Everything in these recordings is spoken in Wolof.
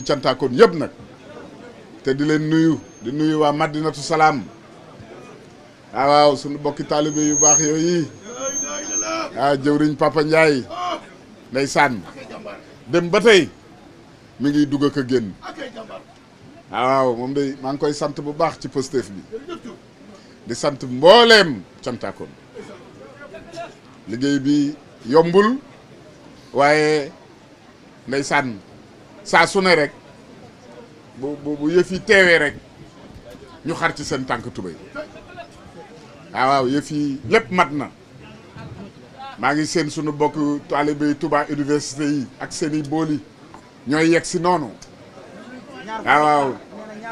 ci cantaakoon yëpp nag te di leen nuyu di nuyu waa Madinatu Salaam ah, waaw sunu bokki taalibe yu baax yooyu waaw ah, jëwriñ Papa Ndiaye ndeysaan dem ba tey mi ngi dugg ak a génn ah, waaw moom day maa ngi koy sant bu baax ci Pastef bi di sant mbooleem cantaakoon liggéey bi yombul waaye ndeysaan saa su ne rek bu bu bu yëf yi teewee rek ñu xar ci seen tànk tubéy ah, waaw waaw lépp mat na maa ngi seen sunu bokk taalibe tubaa université yi ak seen i bool ñooy yegg si noonu ah, waaw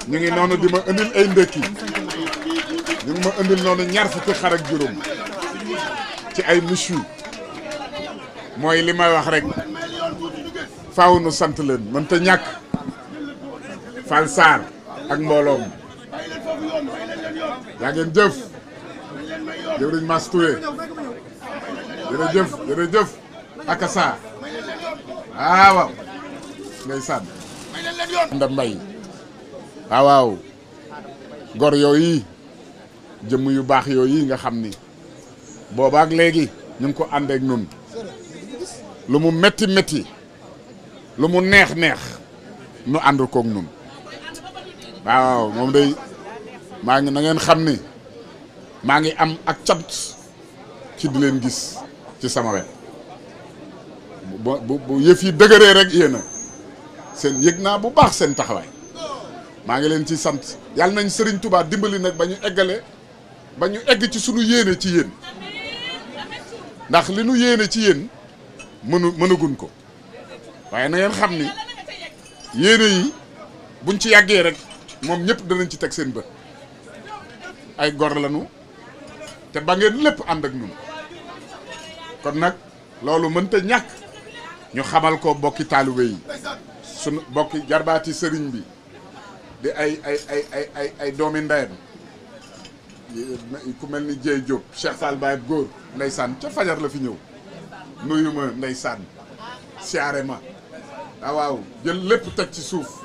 ñu ngi noonu di ma indil ay ndekki ñu ngi ma indil noonu ñaar fukki xar ak juróom ci ay monsieur mooy li may wax rek. faaw nu sant leen mënta ñàkk Fall ak mbooloom yaa ngeen jëf jëwriñ Mass Touré jërëjëf jërëjëf akasa ah waaw ngay sànn ndam mbay ah waaw gor yooyu jëmm yu baax yooyu nga xam ni boobaak léegi ñu ngi ko àndeek nun lu mu metti metti lu mu neex neex nu ànd koog nun waaw moom day maa ngi na ngeen xam ni maa ngi am ak cant ci di leen gis ci sama wet bu bu yëf yi dëgëree rek yéena seen yëg naa bu baax seen taxawaay maa ngi leen ci sant yàlla nañ sëriñ Touba dimbali nag ba ñu eggale ba ñu egg ci sunu yéene ci yéen ndax li nu yéene ci yéen mënu mënagun ko waaye na ngeen xam ni yéene yi buñ ci yàggee rek moom ñëpp danañ ci teg seen bët ay gor lañu te ba ngeen lépp ànd ak ñun kon nag loolu mënta ñàkk ñu xamal ko bokki taalibe yi sunu bokki jarbaati sëriñ bi di ay ay ay doomi ndeyam ku mel ni Dieye Diop Cheikh Fall Baye góor ndeysaan ca fajar la fi ñëw nuyu ma ndeysaan siyaare ma ah waaw jël lépp teg ci suuf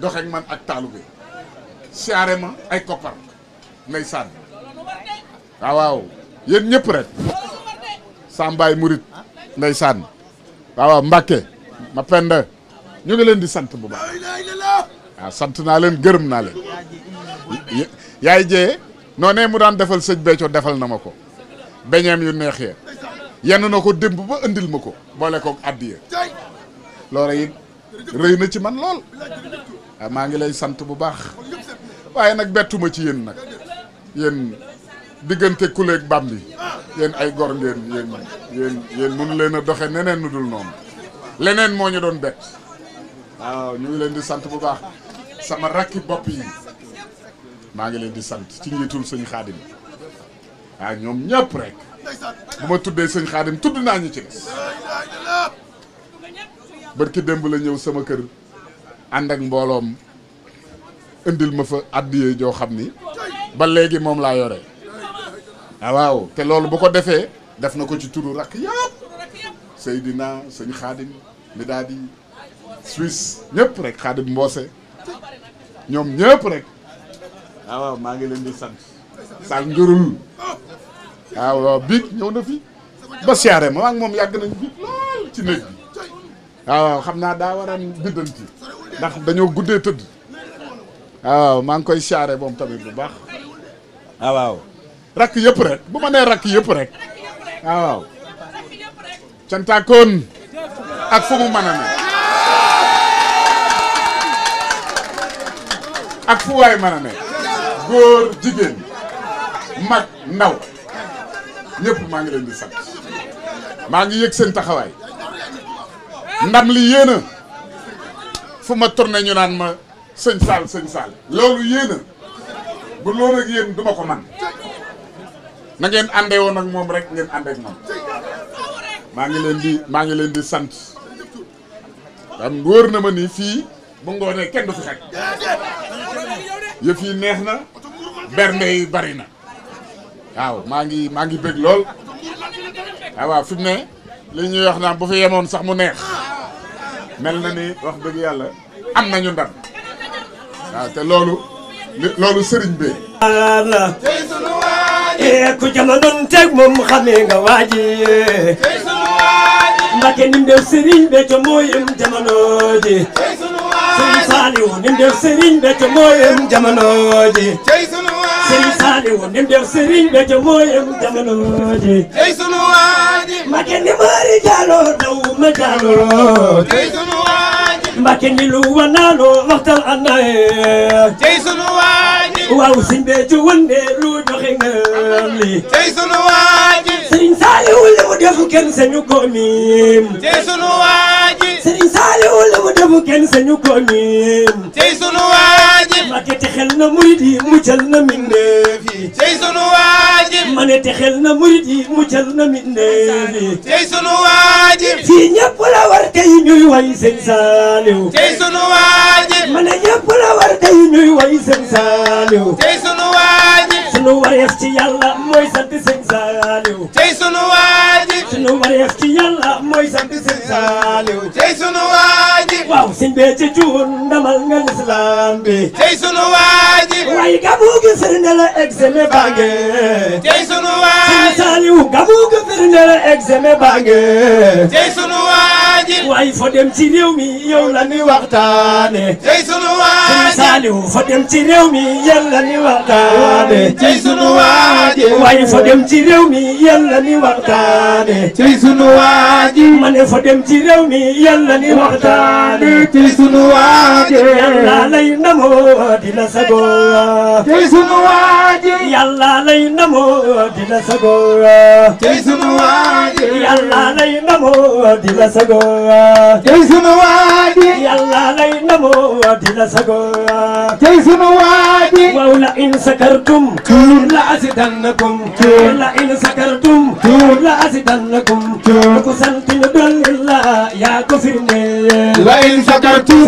dox man ak taalube siyaare ma ay koppar ndeysaan ah waaw yéen ñëpp rek Sambaay Murit ndeysaan ah waaw Mbàkke ma penda ñu ngi leen di sant bu baax waaw ah, sant naa leen gërëm naa leen yaay jee noonee mu daan defal sëñ Béthio defal na ma ko beñeem yu neex ya yenn na ko démb ba andil ma ko boole koog addiya loola it rëy na ci man lool waaw ah, maa ngi lay sant bu baax waaye nag bettuma ci yéen nag yéen diggante kuléeg bam bi yéen ay gor ngeen yéen yéen yéen leen a doxe neneen nu dul noonu leneen moo ñu doon bett waaw ñu ngi leen di sant bu baax sama rakki bopp yi maa ngi leen di sant ci njiitul sëñ xaadim waaw ah, ñoom ñëpp rek bu ma tuddee sëñ xaadim tudd naa ñu ci des barki démb la ñëw sama kër ànd ak mbooloom indil ma fa àddiyee joo xam ni ba léegi moom laa yore ah waaw te loolu bu ko defee def na ko ci turu rakk yëpp Seydina sëñ Xaadim mi daal di Suisse ñëpp rek Xaadim Mboose ñoom ñëpp rek ah maa ngi leen di sant sànq njurul ah waaw biig ñëw na fi ba siyaare ma ak moom yàgg nañ biig lool ci néeg bi. waaw xam naa daa war a biddanti dañoo guddee tëdd waaw maa ngi koy siyaare boom tamit bu baax ah, waaw rakk yépp rek bu ma nee rakk yépp rek ah, waaw cantakoon ak fu mu mën ne ak fu waay mën ne góor jigéen mag ndaw ñépp maa ngi leen di sant maa ngi yëg seen taxawaay ndam li yéena fu ma tourné ñu naan ma sëñ Saal sëñ Saal loolu yéen a bu loolu ak yéen duma ko man na ngeen àndee woon ak moom rek ngeen àndee ak moom maa ngi leen di maa ngi leen di sant am wër na ma ni fii bu ngoonee kenn du fi xaj yëf yi neex na bernde yi bari na waaw maa ngi maa ngi bëgg lool waaw waaw fi ne li ñuy wax naan bu fi yemoon sax mu neex mel na ni wax dëgg yàlla am nañu ndam waaw te loolu loolu sëriñ bi ku jamonoon teg moom xamee nga waaji Mbàkke nim def sëriñ be co mooyem jamono ji nim def sëriñ be co mooyem jamono ji nim def sëriñ be co mooyem jamono ji Mbàkke ni maari jaaloo daw ma jaaloo tey sunu waaji Mbàkke ni lu wanaaloo waxtal andaye tey sunu waaji waaw sëñ bee ci wënde lu joxe ngam li tey sunu waaji Sëriñ Saaliw li mu defu kenn sañu ko miim tey waaji Sëriñ Saaliw li mu defu kenn sañu ko miim tey waaji Mbàkke te xel na murid yi muccal na mbindeef waajib ma ne te xel na murit yi muccal na mbindéef yi tey sunu waajib fii ñëpp la war tey ñuy way sëñ Saaliw tey sunu waajib ma ne ñëpp la war tey ñuy way sëñ Saaliw tey sunu waajib sunu wareef ci yàlla mooy sant sëñ Saaliw tey sunu waajib sunu wareef ci yàlla mooy sant sëñ Saaliw tey sunu waajib waaw sëñ bee ci juun ndamal nga lislaam bi tey sunu waajib waaye gabu gi sëriñ la exeme baa ngee tey sunu waay sëñ Saliou gabu ga firnde la examen ji waaye fo dem ci réew mi yow la ñuy waxtaane jey sunu waaje Saliou fo dem ci réew mi yow la ñuy waxtaane jey sunu waaje waaye fo dem ci réew mi yow la ñuy waxtaane jey sunu waaje ma ne fo dem ci réew mi yow la ñuy waxtaane jey sunu waaje yàlla lay namoo di la sago jey sunu waaje yàlla lay namoo di la sago jey sunu waaje yàlla lay namoo di la sago tey sunu waaji yàlla lay namoo dina sago tey sunu waaji la in sakartum tuur la asidannakum tuur la in sakartum tuur la asidannakum tuur ko sant ñu dolli la yaa ko la in sakartum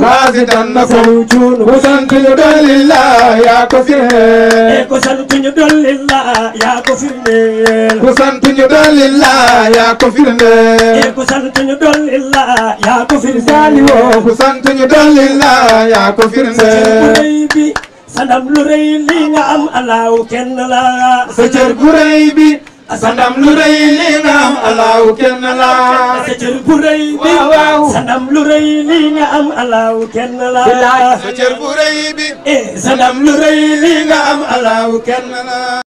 lazidannakum ko santuñu dolli la yaa ko firndeel ko santuñu dolli la yaa ko firndeel ko santuñu dolli la yaa ko firndeel ko santuñu dolli la yaa ko firndeel ko santuñu dolli la yaa ko firndeel sa ndam lu rëy li nga am alaaw kenn la sa cër bu rëy bi sa ndam lu rëy li nga am alaaw kenn la sa cër bu rëy bi waaw sa ndam lu rëy li nga am alaaw kenn la sa cër bu rëy bi eh, sa ndam lu rëy li nga am alaaw kenn la